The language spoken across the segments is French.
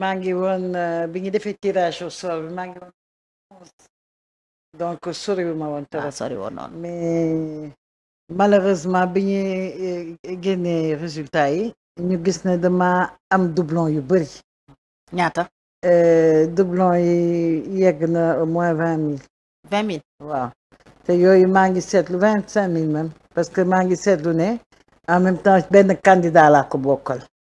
mangi won eh, biñu defé tirage au sol mangi won donc ah, sori wu ma won tara sori won mais malheureusement biñu eh, gëné résultat de résultats. gis né dama am doublon yu bari ñaata euh doublon yi yegg na au moins 20 000 20 000 waaw te yooyu maa ngi seetlu 25 000 même parce que je ngi seetlu ne en même temps benn candidat laa ko bokkal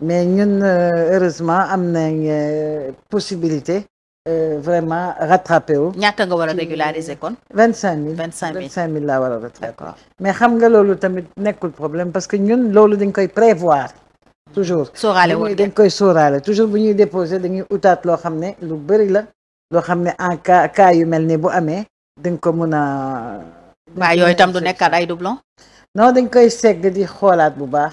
Mais nous, euh, heureusement, avons une euh, possibilité euh, vraiment rattraper. Il y a quand même régulariser quoi 25 000. 25 000. 25 000 là, voilà. D'accord. Mais je sais que ce problème parce que nous, nous devons prévoir. Toujours. Sorale, oui. Nous devons sorale. Toujours, nous devons déposer, nous devons utiliser le bril, le bril, un caillou, mais le bril, nous devons. Mais il y a un caillou blanc Non, nous devons essayer de dire quoi là, Boubard.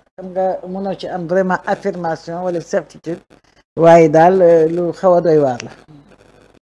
xam nga mënoo ci am vraiment affirmation wala certitude waaye daal euh, lu xaw a doy waar la